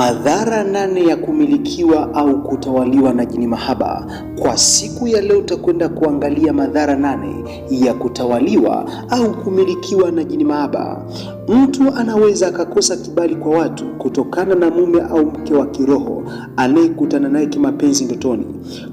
Madhara nane ya kumilikiwa au kutawaliwa na jini mahaba. Kwa siku ya leo utakwenda kuangalia madhara nane ya kutawaliwa au kumilikiwa na jini mahaba. Mtu anaweza akakosa kibali kwa watu kutokana na mume au mke wa kiroho anayekutana naye kimapenzi ndotoni.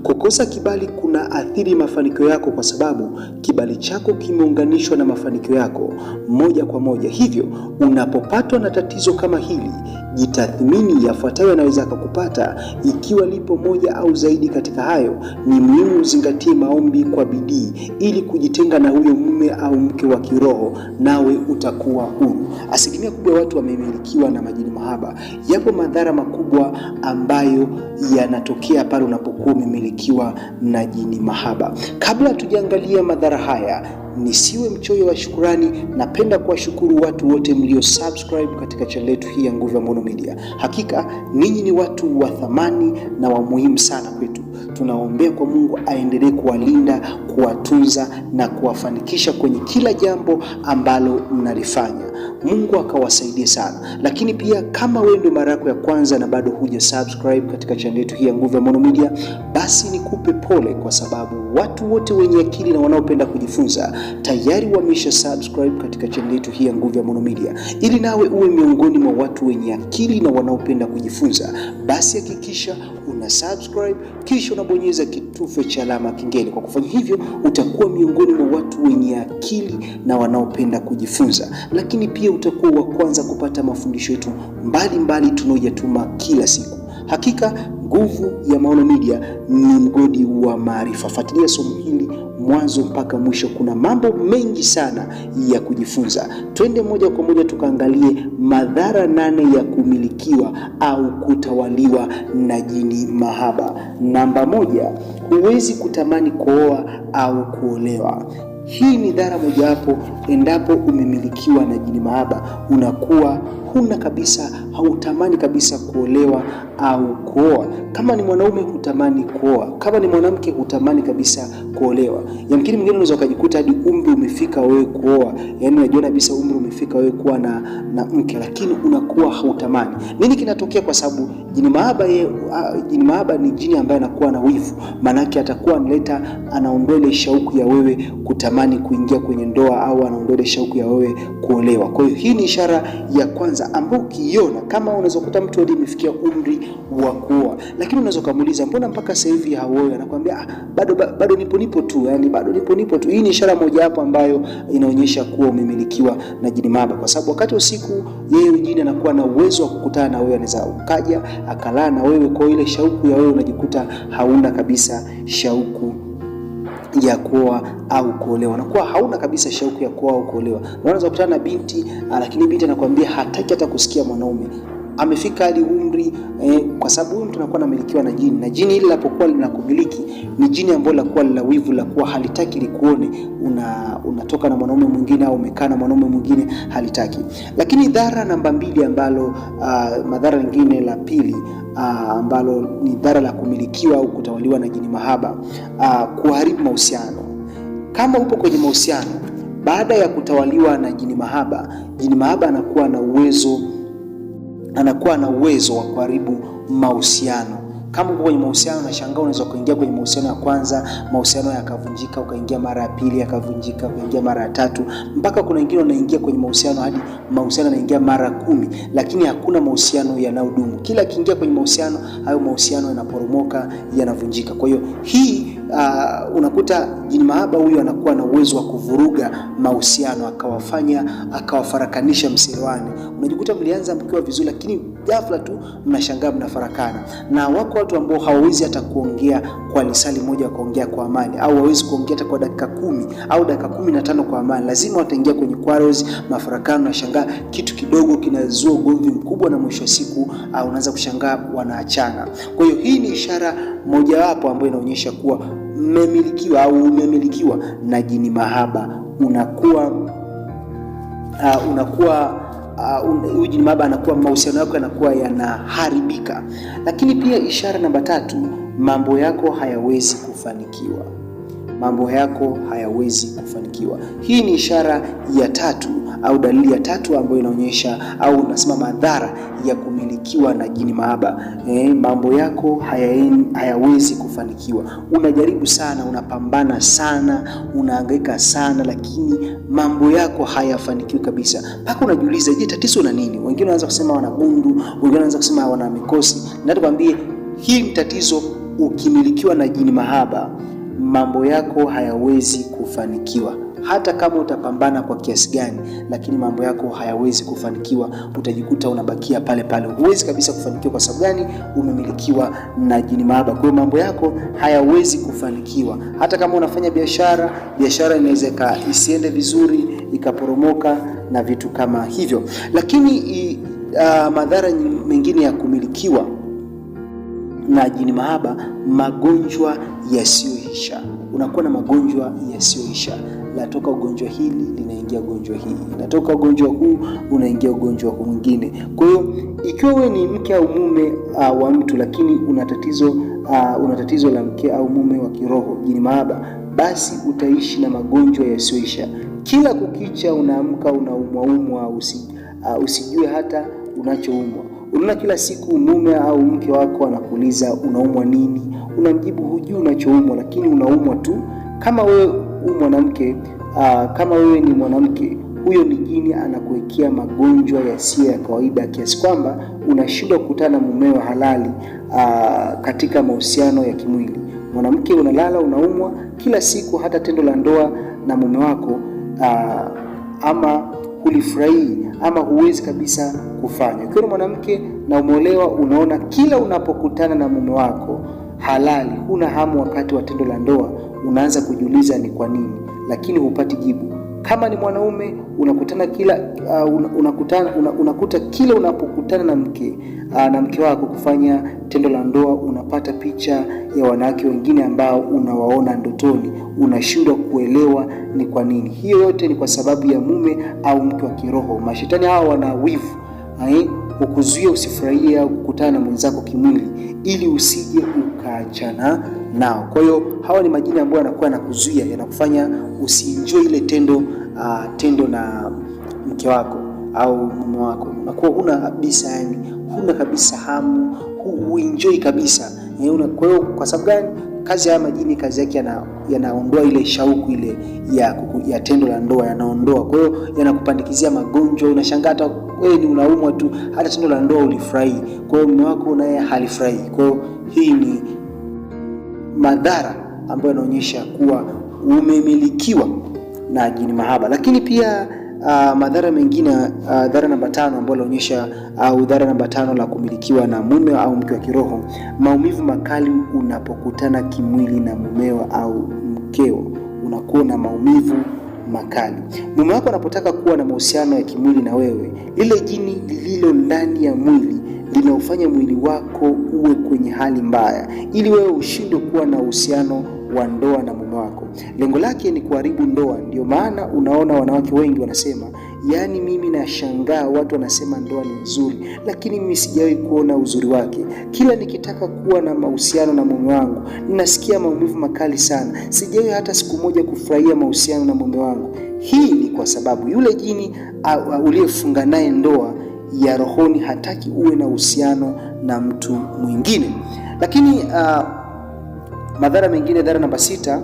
Kukosa kibali kuna athiri mafanikio yako, kwa sababu kibali chako kimeunganishwa na mafanikio yako moja kwa moja. Hivyo unapopatwa na tatizo kama hili, jitathmini. Yafuatayo yanaweza akakupata ikiwa lipo moja au zaidi katika hayo. Ni muhimu uzingatie maombi kwa bidii ili kujitenga na huyo mume au mke wa kiroho, nawe utakuwa huru. Asilimia kubwa ya watu wamemilikiwa na majini mahaba. Yapo madhara makubwa ambayo yanatokea pale unapokuwa umemilikiwa na jini mahaba. Kabla tujaangalia madhara haya, nisiwe mchoyo wa shukurani. Napenda kuwashukuru watu wote mlio subscribe katika channel yetu hii ya Nguvu ya Maono Media. Hakika ninyi ni watu wa thamani na wa muhimu sana kwetu. Tunaombea kwa Mungu aendelee kuwalinda, kuwatunza na kuwafanikisha kwenye kila jambo ambalo mnalifanya. Mungu akawasaidia sana. Lakini pia kama wewe ndio mara yako ya kwanza na bado huja subscribe katika channel yetu hii ya Nguvu ya Maono Media, basi nikupe pole, kwa sababu watu wote wenye akili na wanaopenda kujifunza tayari wamesha subscribe katika channel yetu hii ya Nguvu ya Maono Media. Ili nawe uwe miongoni mwa watu wenye akili na wanaopenda kujifunza, basi hakikisha una subscribe kisha unabonyeza kitufe cha alama kingine. Kwa kufanya hivyo, utakuwa miongoni mwa watu wenye akili na wanaopenda kujifunza. Lakini lakini pia utakuwa wa kwanza kupata mafundisho yetu mbalimbali tunayoyatuma kila siku. Hakika nguvu ya Maono Media ni mgodi wa maarifa. Fuatilia somo hili mwanzo mpaka mwisho, kuna mambo mengi sana ya kujifunza. Twende moja kwa moja tukaangalie madhara nane ya kumilikiwa au kutawaliwa na jini mahaba. Namba moja, huwezi kutamani kuoa au kuolewa. Hii ni dhara mojawapo. Endapo umemilikiwa na jini mahaba, unakuwa huna kabisa, hautamani kabisa kuolewa au kuoa. Kama ni mwanaume, hutamani kuoa. Kama ni mwanamke, hutamani kabisa kuolewa. Yamkini mwingine unaweza ukajikuta hadi umri umefika wewe kuoa, yaani unajiona kabisa umri umefika wewe kuwa na, na mke, lakini unakuwa hautamani. Nini kinatokea? Kwa sababu jini mahaba ye, jini mahaba ni jini ambaye anakuwa na wivu, maanake atakuwa analeta, anaondoa ile shauku ya wewe kutamani kuingia kwenye ndoa, au anaondoa ile shauku ya wewe kuolewa. Kwa hiyo hii ni ishara ya kwanza ambayo ukiiona, kama unaweza kukuta mtu hadi imefikia umri wa kuoa, lakini unaweza ukamuuliza mbona mpaka sasa hivi haoa? Anakuambia ah, bado, bado nipo nipo tu, yani bado nipo nipo tu. Hii ni ishara moja hapo ambayo inaonyesha kuwa umemilikiwa na jini maba, kwa sababu wakati usiku yeye jini anakuwa na uwezo wa kukutana na wewe, anaweza ukaja akalaa na wewe, kwa ile shauku ya wewe unajikuta hauna kabisa shauku ya kuoa au kuolewa, nakuwa hauna kabisa shauku ya kuoa au kuolewa. Unaweza kukutana na binti, lakini binti anakuambia hataki hata kusikia mwanaume amefika hadi umri eh, kwa sababu huyu mtu anakuwa anamilikiwa na jini, na jini ile linapokuwa linakumiliki ni jini ambalo lakuwa la wivu, kuwa halitaki likuone una, unatoka na mwanaume mwingine au umekaa na mwanaume mwingine, halitaki. Lakini dhara namba mbili ambalo uh, madhara mengine la pili uh, ambalo ni dhara la kumilikiwa au kutawaliwa na jini mahaba uh, kuharibu mahusiano. Kama upo kwenye mahusiano baada ya kutawaliwa na jini mahaba, jini mahaba anakuwa na uwezo anakuwa na uwezo wa kuharibu mahusiano. Kama uko kwenye mahusiano unashangaa, unaweza kuingia kwenye mahusiano ya kwanza, mahusiano yakavunjika, ukaingia mara ya pili, yakavunjika, ukaingia mara ya tatu, mpaka kuna wengine wanaingia kwenye mahusiano hadi mahusiano yanaingia mara kumi, lakini hakuna mahusiano yanayodumu. Kila akiingia kwenye mahusiano, hayo mahusiano yanaporomoka, yanavunjika. Kwa hiyo hii uh, unakuta jini mahaba huyu anakuwa na uwezo wa kuvuruga mahusiano, akawafanya akawafarakanisha msirwani. Unajikuta mlianza mkiwa vizuri, lakini ghafla tu mnashangaa mnafarakana. Na wako watu ambao hawawezi hata kuongea kwa lisali moja kuongea kwa amani, au hawawezi kuongea hata kwa dakika kumi au dakika kumi na tano kwa amani, lazima wataingia kwenye quarrels, mafarakano. Nashangaa kitu kidogo kinazua ugomvi mkubwa, na mwisho wa siku uh, unaanza kushangaa wanaachana. Kwa hiyo hii ni ishara mojawapo ambayo inaonyesha kuwa mmemilikiwa au umemilikiwa na jini mahaba, unakuwa uh, unakuwa ah, huyu uh, jini mahaba anakuwa, mahusiano yako yanakuwa yanaharibika. Lakini pia ishara namba tatu, mambo yako hayawezi kufanikiwa mambo yako hayawezi kufanikiwa. Hii ni ishara ya tatu au dalili ya tatu ambayo inaonyesha au nasema madhara ya kumilikiwa na jini maaba. E, eh, mambo yako haya, hayawezi kufanikiwa. Unajaribu sana, unapambana sana, unahangaika sana, lakini mambo yako hayafanikiwi kabisa, mpaka unajiuliza, je, tatizo na nini? Wengine wanaanza kusema wana gundu, wengine wanaanza kusema wana mikosi. Nataka hii ni tatizo ukimilikiwa na jini mahaba mambo yako hayawezi kufanikiwa. Hata kama utapambana kwa kiasi gani, lakini mambo yako hayawezi kufanikiwa, utajikuta unabakia pale pale, huwezi kabisa kufanikiwa. Kwa sababu gani? Umemilikiwa na jini mahaba. Kwa hiyo mambo yako hayawezi kufanikiwa. Hata kama unafanya biashara, biashara inaweza isiende vizuri, ikaporomoka na vitu kama hivyo. Lakini uh, madhara mengine ya kumilikiwa na jini mahaba, magonjwa yasiyo yasiyoisha, unakuwa na magonjwa yasiyoisha. Natoka ugonjwa hili linaingia ugonjwa hili, natoka ugonjwa huu unaingia ugonjwa mwingine. Kwa hiyo ikiwa wewe ni mke au mume uh, wa mtu lakini una tatizo uh, una tatizo la mke au mume wa kiroho, jini mahaba, basi utaishi na magonjwa yasiyoisha. Kila kukicha unaamka unaumwaumwa, usi, uh, usijue hata unachoumwa. Unaona kila siku mume au mke wako anakuuliza unaumwa nini, unamjibu hujui unachoumwa, lakini unaumwa tu. Kama wewe u mwanamke uh, kama wewe ni mwanamke, huyo ni jini anakuwekea magonjwa yasiyo ya kawaida kiasi kwamba unashindwa kukutana mumeo halali uh, katika mahusiano ya kimwili. Mwanamke unalala unaumwa kila siku, hata tendo la ndoa na mume wako uh, ama kulifurahii ama huwezi kabisa kufanya. Ukiwa ni mwanamke na umeolewa, unaona kila unapokutana na mume wako halali huna hamu wakati wa tendo la ndoa, unaanza kujiuliza ni kwa nini, lakini hupati jibu. Kama ni mwanaume unakutana kila uh, unakutana, una, unakuta kila unapokutana na mke uh, na mke wako kufanya tendo la ndoa unapata picha ya wanawake wengine ambao unawaona ndotoni, unashindwa kuelewa ni kwa nini. Hiyo yote ni kwa sababu ya mume au mke wa kiroho. Mashetani hawa wana wivu hukuzuia eh, usifurahie au kukutana na mwenzako kimwili ili usije akaachana nao. Kwa hiyo hawa ni majini ambayo yanakuwa yanakuzuia, yanakufanya usienjoy ile tendo uh, tendo na mke wako au mume wako, unakuwa huna kabisa, yani huna kabisa hamu, huenjoy kabisa. Yaani kwa hiyo kwa sababu gani? Kazi haya majini kazi yake yanaondoa ile shauku ile ya, ya tendo la ndoa yanaondoa. Kwa hiyo yanakupandikizia magonjwa, unashangaa hata wewe ni unaumwa tu, hata tendo la ndoa ulifurahi, kwa hiyo mume wako naye halifurahi. Kwa hiyo hii ni madhara ambayo yanaonyesha kuwa umemilikiwa na jini mahaba, lakini pia uh, madhara mengine uh, dhara namba tano ambayo inaonyesha au ah, uh, dhara namba tano la kumilikiwa na mume au mke wa kiroho, maumivu makali unapokutana kimwili na mumeo au mkeo, unakuwa na maumivu makali. Mume wako anapotaka kuwa na mahusiano ya kimwili na wewe, lile jini lililo ndani ya mwili linaofanya mwili wako uwe kwenye hali mbaya, ili wewe ushindwe kuwa na uhusiano wa ndoa na mume wako lengo lake ni kuharibu ndoa. Ndio maana unaona wanawake wengi wanasema, yaani mimi nashangaa watu wanasema ndoa ni nzuri, lakini mimi sijawahi kuona uzuri wake. Kila nikitaka kuwa na mahusiano na mume wangu ninasikia maumivu makali sana, sijawahi hata siku moja kufurahia mahusiano na mume wangu. Hii ni kwa sababu yule jini uliyefunga naye ndoa ya rohoni hataki uwe na uhusiano na mtu mwingine. Lakini uh, madhara mengine, dhara namba sita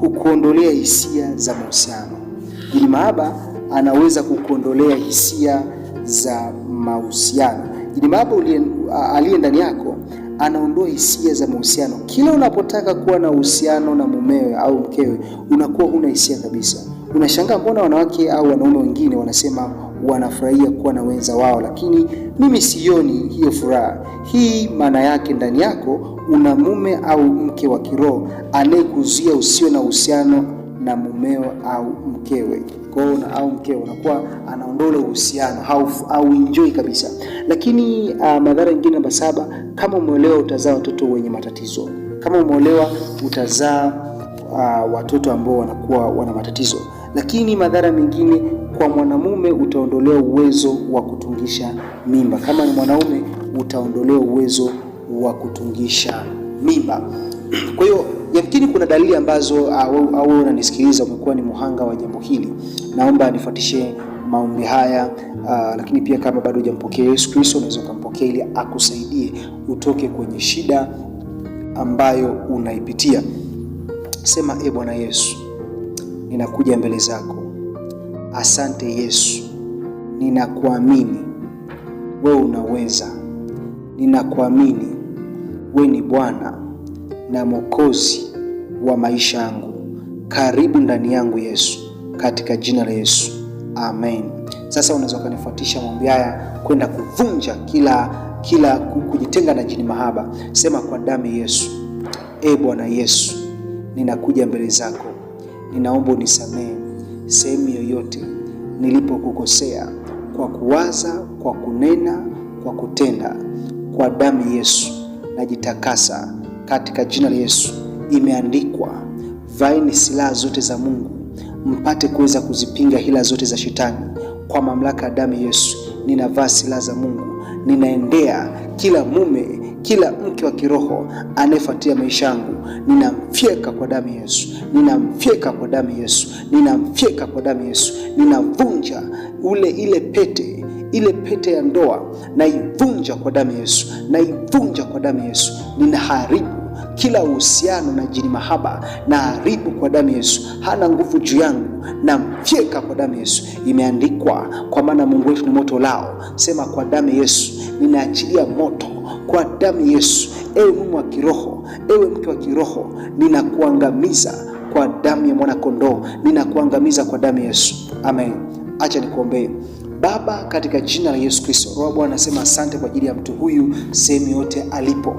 kukuondolea hisia za mahusiano. Jini mahaba anaweza kukuondolea hisia za mahusiano. Jini mahaba aliye ndani yako anaondoa hisia za mahusiano. Kila unapotaka kuwa na uhusiano na mumewe au mkewe, unakuwa huna hisia kabisa. Unashangaa mbona wanawake au wanaume wengine wanasema wanafurahia kuwa na wenza wao, lakini mimi sioni hiyo furaha. Hii maana yake ndani yako una mume au mke wa kiroho anayekuzuia usio na uhusiano na mumeo au mkewe kwao au mkewe, unakuwa anaondola uhusiano au enjoy kabisa. Lakini uh, madhara mengine namba saba, kama umeolewa utazaa watoto wenye matatizo. Kama umeolewa utazaa uh, watoto ambao wanakuwa wana matatizo lakini madhara mengine kwa mwanamume, utaondolewa uwezo wa kutungisha mimba. Kama ni mwanaume, utaondolewa uwezo wa kutungisha mimba. Kwa hiyo yamkini kuna dalili ambazo ah, au unanisikiliza umekuwa ni mhanga wa jambo hili, naomba nifuatishe maombi haya uh, lakini pia kama bado hujampokea Yesu Kristo, unaweza ukampokea ili akusaidie utoke kwenye shida ambayo unaipitia. Sema, e Bwana Yesu ninakuja mbele zako. Asante Yesu, ninakuamini wewe unaweza, ninakuamini we ni Bwana na Mwokozi wa maisha yangu. Karibu ndani yangu Yesu, katika jina la Yesu, amen. Sasa unaweza ukanifuatisha maombi haya kwenda kuvunja kila kila kujitenga na jini mahaba. Sema kwa damu Yesu, e Bwana Yesu, ninakuja mbele zako ninaomba unisamehe sehemu yoyote nilipokukosea, kwa kuwaza, kwa kunena, kwa kutenda. Kwa damu Yesu najitakasa katika jina la Yesu. Imeandikwa, vaeni silaha zote za Mungu mpate kuweza kuzipinga hila zote za Shetani. Kwa mamlaka ya damu Yesu ninavaa silaha za Mungu ninaendea kila mume, kila mke wa kiroho anayefuatia maisha yangu, ninamfyeka kwa damu Yesu, ninamfyeka kwa damu Yesu, ninamfyeka kwa damu Yesu. Ninavunja ule ile pete ile pete ya ndoa, naivunja kwa damu Yesu, naivunja kwa damu Yesu, ninaharibu kila uhusiano na jini mahaba na haribu kwa damu Yesu, hana nguvu juu yangu, na mfyeka kwa damu Yesu. Imeandikwa, kwa maana Mungu wetu ni moto lao. Sema kwa damu Yesu, ninaachilia moto kwa damu Yesu. Ewe mume wa kiroho, ewe mke wa kiroho, ninakuangamiza kwa damu ya mwana kondoo, ninakuangamiza kwa damu Yesu. Amen. Acha nikuombee. Baba, katika jina la Yesu Kristo, Roho Bwana, anasema asante kwa ajili ya mtu huyu sehemu yote alipo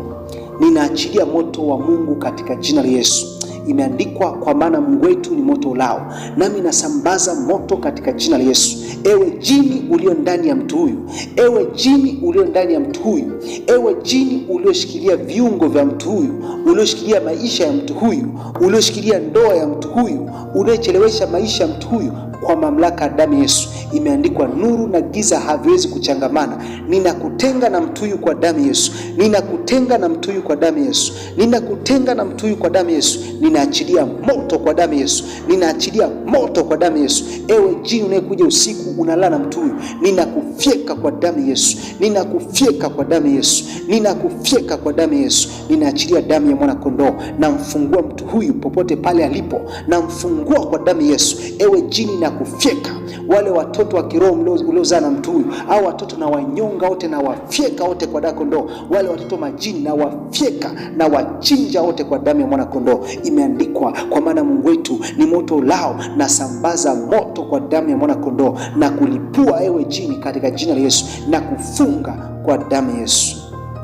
ninaachilia moto wa Mungu katika jina la Yesu. Imeandikwa, kwa maana Mungu wetu ni moto ulao, nami nasambaza moto katika jina la Yesu. Ewe jini ulio ndani ya mtu huyu, ewe jini ulio ndani ya mtu huyu, ewe jini ulioshikilia viungo vya mtu huyu, ulioshikilia maisha ya mtu huyu, ulioshikilia ndoa ya mtu huyu, unaechelewesha maisha ya mtu huyu kwa mamlaka ya damu Yesu. Imeandikwa, nuru na giza haviwezi kuchangamana. Ninakutenga na mtuyu kwa damu Yesu, ninakutenga na mtuyu kwa damu Yesu, ninakutenga na mtuyu kwa damu Yesu. Ninaachilia moto kwa damu Yesu, ninaachilia moto kwa damu Yesu. Ewe jini unayekuja usiku unalala na mtuyu, ninakufyeka kwa damu Yesu, ninakufyeka kwa damu Yesu, ninakufyeka kwa damu Yesu. Ninaachilia damu ya mwana kondoo, namfungua mtu huyu popote pale alipo, namfungua kwa damu Yesu. Ewe jini na na kufyeka wale watoto wa kiroho uliozaa na mtu huyu, au watoto na wanyonga wote na wafyeka wote kwa damu kondoo, wale watoto majini na wafyeka na wachinja wote kwa damu ya mwana kondoo, imeandikwa. Kwa maana Mungu wetu ni moto lao, na sambaza moto kwa damu ya mwana kondoo na kulipua ewe jini, katika jina la Yesu na kufunga kwa damu ya Yesu.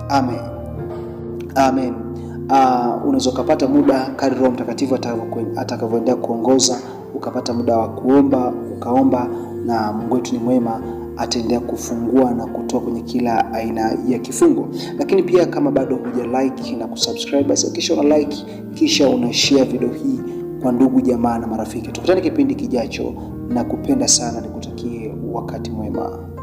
Amen, amen. Uh, unaweza ukapata muda kadri Roho Mtakatifu atakavyoendea kuongoza ukapata muda wa kuomba ukaomba, na Mungu wetu ni mwema, ataendelea kufungua na kutoa kwenye kila aina ya kifungo. Lakini pia kama bado huja like na kusubscribe, basi kisha una like, kisha una share video hii kwa ndugu jamaa na marafiki. Tukutane kipindi kijacho, na kupenda sana, nikutakie wakati mwema.